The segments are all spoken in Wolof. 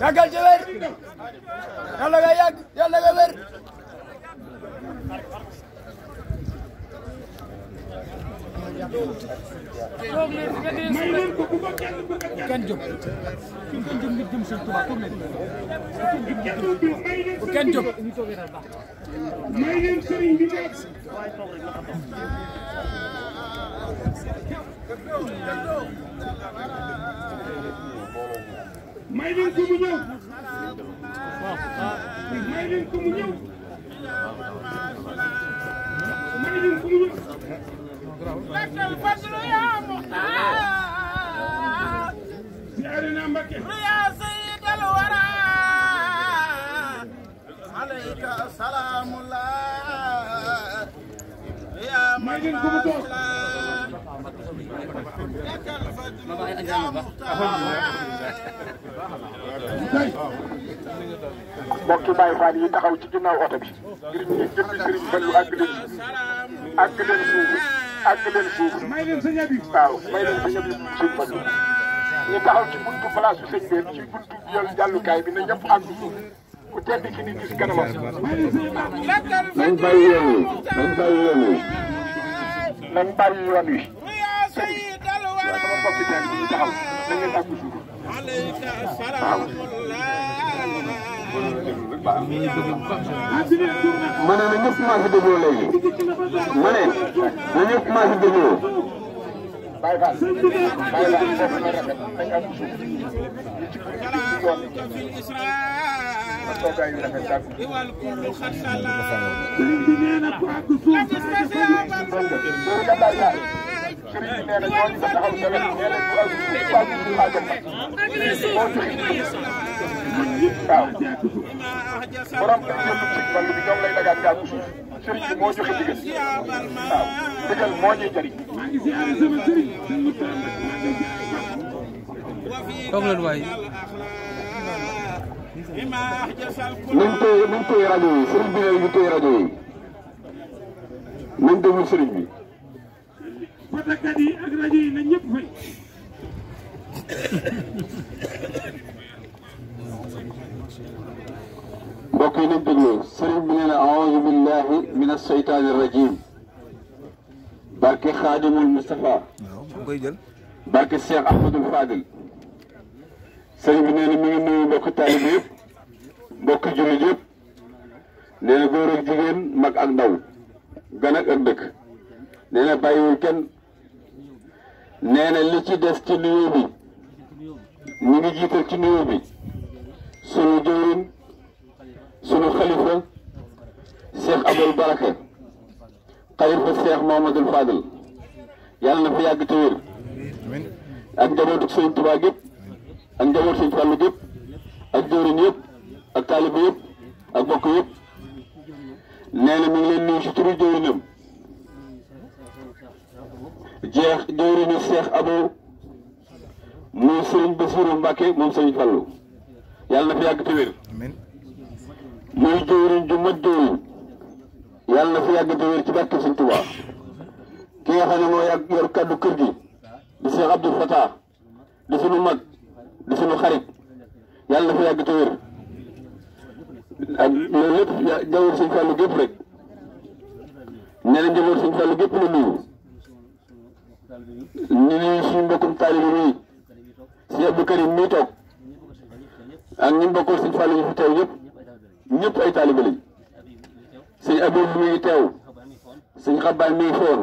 yàggal ci wér yàlla nga yàgg yàlla nga wér may leen ko bu ko kenn bu ko kenn jóg bu kenn jóg ngir jëm sëñ Tuubaa toog leen bu kenn jóg may leen sëriñ bi nekk may leen ko mu ñëw may leen ko mu ñëw may leen ko mu ñëw bakkal fadlu yaa muxtaar siyaare naa Mbakke yaa sayyidal wara alayka salaamullah may leen ko mu toog mbokki Baye Fall yi taxaw ci ginnaaw oto bi. ngir ñu jëmmi Serigne Fallou àgg leen suuf àgg leen suuf àgg leen suuf waaw may leen sëñ bi Serigne Fallou ñu taxaw ci buntu place bi sëñ bi ci buntu jël jàllukaay bi ne ñëpp àgg suuf ku tedd ki di gis kanamam. nañ bàyyi yoon wi nañ bàyyi yoon wi. nañ bàyyi yoon wi. foofu da ngeen taxaw da ngeen tàggu suuf waaw. ma ne na ñëpp maa fi dégloo léegi ma ne na ñëpp maa fi dégloo. bàyyi baal bàyyi baal foofu na rafet nañ am suuf ñu ci ko toogaay yu rafet tàggu. Sëriñ bi nee na ko ak suuf. sëriñ bi nee na ñoo ñu ko taxaw ne leen nee leen bu aw si suuf àggal ma boo joxe waaw borom kër yëpp si fan bi ñoom lay dagaan ngaa ko suuf sëriñ bi moo joxe ndigal waaw ndigal moo ñuy jëriñ. toog leen waay. nañ téye nañ téye rajo yi sëriñ bi nee nañ téye rajo yi nañ déglu sëriñ bi. fatakat yi ak rajo yi nañ ñëpp fay mbokk yi nañ déglu sëriñ bi nee na aouzu billahi min asseytaani rajim barke xaadimul Moustapha barke Cheikh Ahmadul Fadil sëriñ bi nee na mi ngi nuyu mbokk taalibe yëpp mbokk jullit yëpp nee na góor ak jigéen mag ak ndaw gan ak dëkk nee na bàyyiwul kenn nee na li ci des ci nuyoo bi ngi jiital ci nuyoo bi sunu jëwrin sunu xalifa Cheikh Abdou Baraka xalifa Cheikh Mouhamadoul Fadel yàlla na fa yàgg te ak njabootu Sëriñ Tuubaa gépp ak njabootu Sëriñ Fallu gépp ak jëwrin yëpp ak taaliba yëpp ak bokk yëpp nee na mi ngi leen nuyu ci turu jëwrinam jeex jëwriñu Seex Abo muy Sëriñ Basiru Mbàkke moom Sëriñ Fallu yàlla na fi yàgg te wér muy jëwriñ ju mat yàlla na fi yàgg te ci barke Sëriñ Tuubaa ki nga xam ne moo yàgg yor kàddu kër gi di Seex Abdou Fatah di sunu mag di sunu xarit yàlla na fi yàgg te wér ak loolu lépp jawwul Sëriñ Fallu gépp rek ñeneen jëmoon Sëriñ Fallu gépp la nuyu ñu nuyu suñu mbokkum taalibe yi si Abdou Karim mii toog ak ñi mbokkul suñu fàllu ñu fi teew yëpp ñëpp ay taalibe lañ suñu abib mi teew suñu xabaan mi foon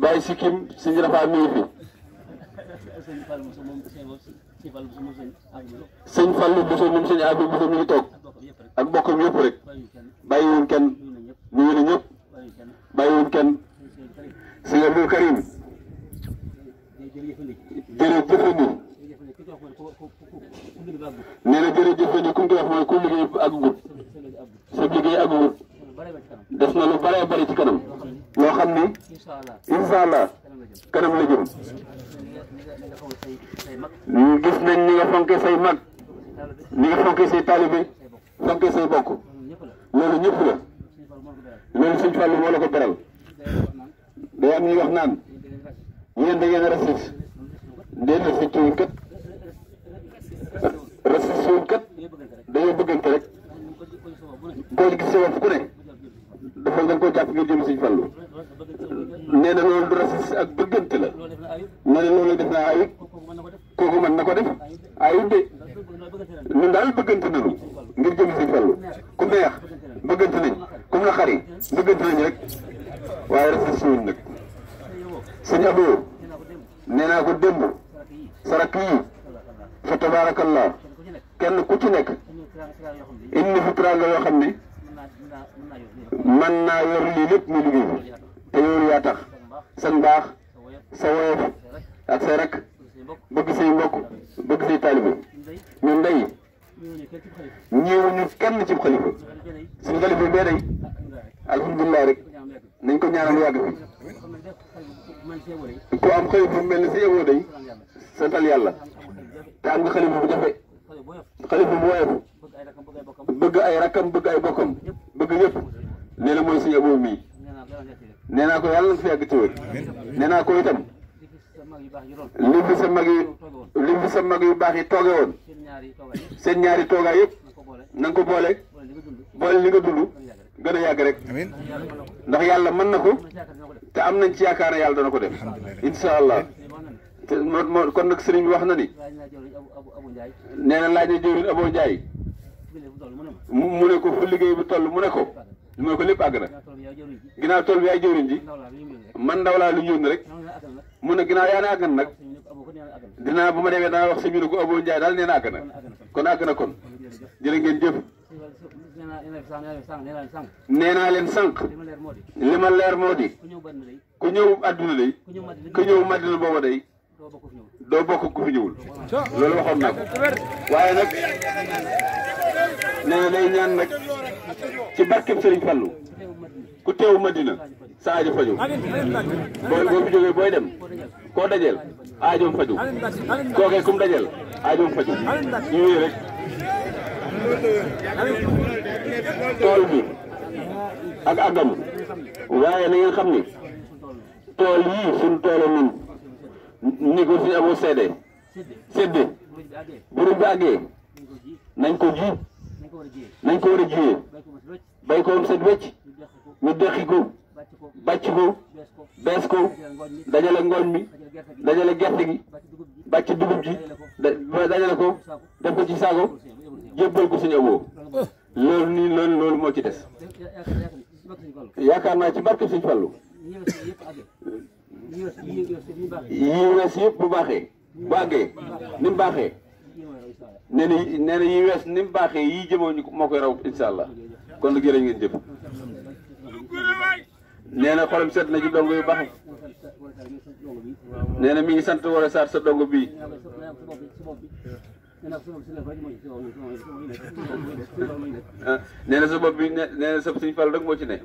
bàyyi sikkim suñu rafaa mi fi sëñ Fallou Bousso moom sëñ Abdou mi ngi toog ak bokkam yëpp rek bàyyiwuñ kenn nuyu na ñëpp bàyyiwuñ kenn Abdul Karim jërëjëfandi nee na jërëjëfandi ku mu koy wax mooy ku liggéey ak gut sa liggéey ak gut def na lu bare bari ci kanam loo xam ni incha allah kanam la jëm gis nañ ni nga fonke say mag ni nga fonke say taalibe fonke say bokk loolu ñëpp la loolu suñ fàllu moo la ko beral day am ñuy wax naan yéen da ngeen rasis déedéet si ciwul kat rasis ciwul kat dañoo bëggante rek koo gis sa bopp ku ne dafa nga ko jàpp ngir jëm si fallu nee na loolu du rasis ak bëggante la nee na loolu def naa kooku mën na ko def ayib de ñun daal bëggante nañu ngir jëm si fallu ku neex bëggante nañ ku naqari bëggante nañ rek waaye rasis ciwul nag. sëñ Abdou nee naa ko démb sarak yi fa tabaarakallah kenn ku ci nekk indi fi teraanga yoo xam ne man naa yor lii lépp muy liggéey fi te yooru yaa tax sa mbaax sa woyof ak say rak bëgg say mbokk bëgg say taalibe ñun day ñëwuñu kenn ci xalifa suñu xalifa bee day alhamdulilah rek nañ ko ñaanal yàgg fi ku am xëy bu mel ni si yow day santal yàlla te am nga xalifa bu jafe xalifa bu woyof bëgg ay rakkam bëgg ay bokkam bëgg ñëpp nee na mooy si yow mii nee naa ko yàlla na fi yàgg ci wér nee naa ko itam li fi sa mag yi li fi sa mag yu baax yi tooge woon seen ñaari toogaay yëpp na ko boole boole li nga dund gën a yàgg rek ndax yàlla mën na ko te am nañ ci yaakaar ne yàlla dana ko def incha allah te moo moo kon nag sëriñ bi wax na ni nee na laaj na jëwriñ Abo Ndiaye mu ne ko fu liggéey bu toll mu ne ko mu ne ko lépp àgg na ginnaaw toll bi ay jëwriñ ji man ndaw laa lu ñu yónni rek mu ne ginnaaw yaa ne àgg na nag dinaa bu ma demee danaa wax sëñ bi ne ko Abo Ndiaye daal nee àgg na kon àgg na kon jërë ngeen jëf. nee naa leen sànq. li ma leer moo di. ku ñëw àdduna day. ku ñëw madina booba day. doo bokk ku fi ñëwul. loolu waxoon naa ko. waaye nag nee na day ñaan nag ci barkeb Sëriñ Fallu ku teew madina sa aajo faju booy boo fi booy dem koo dajeel aajoom faju kookee kum dajeel aajoom faju ñu rek tool bi ak agam waaye na xam ni tool yii suñ toolu nun ni ko suñu amul seede sédde buru bi àggee nañ ko ji nañ ko war a jiyee bay ko am set wecc ñu deqi ko bàcc ko bees ko dajale ngooñ mi dajale gerte gi bàcc dugub ji dajale ko def ko ci saago jébbal ko si aboo loolu nii loolu loolu moo ci des yaakaar naa ci barke Sëñ Fallu yii wees yëpp bu baaxee bàggee ni mu baaxee nee na nee na yii wees ni mu baaxee yii jëmoo ñu moo koy raw insha allah kon nag jërë ngeen jëf nee na xolam set na ci dongo yu baax nee na mi ngi sant war a saar sa dongo bii Ah, nee na sa bopp bi nee na sa sëñ Fall rek moo ci ne.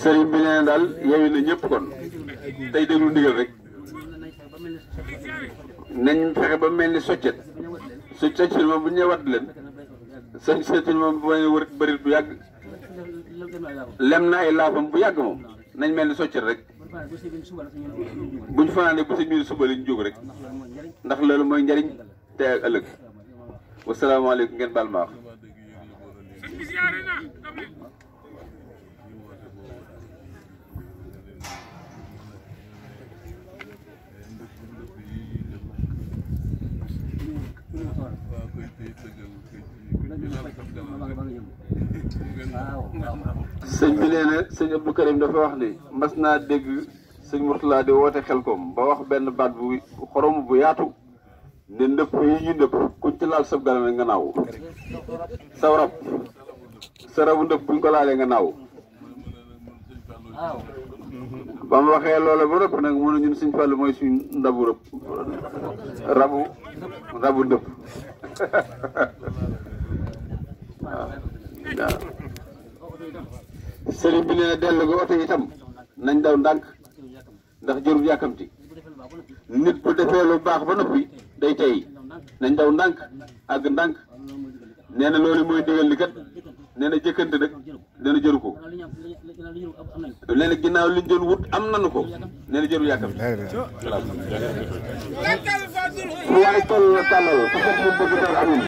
sëriñ bi nee na daal yeewi na ñëpp kon tey déglu ndigal rek nañ fexe ba mel ni soccet su soccet ba bu ñu leen. sëñ seetul moom bu may wër bëri bu yàgg. lem na ay laafam bu yàgg moom nañ mel ni soccet rek buñ fanaanee bu si biir suba lañ jóg rek ndax loolu mooy njariñ te ak ëllëg wasalaamaaleykum ngeen baal sëñ bi nee na sëñ Abdou Karim dafa wax ni mas naa dégg sëñ Mourtala di woote xelkom ba wax benn baat bu xorom bu yaatu ne ndëpp yi ñu ndëpp kuñ ci laal sab garame nga naaw saw rab sa rabu ndëpp buñ ko laalee nga naaw ba mu waxee loola ba rëpp nag mu ne ñun mooy suñ ndabu rëpp rabu rabu ndëpp waaw waaw sëriñ bi nee dellu ga oto itam nañ daw ndànk ndax jërul yàkkamti nit bu defee lu baax ba noppi day tey nañ daw ndànk àgg ndànk nee na loolu mooy digal li kat nee na jëkkante nag dana jëru ko nee na ginnaaw liñ doon wut am nanu ko nee na jërul yàkkamti waaye toll la tàllal su fekk mu bëgg dara amul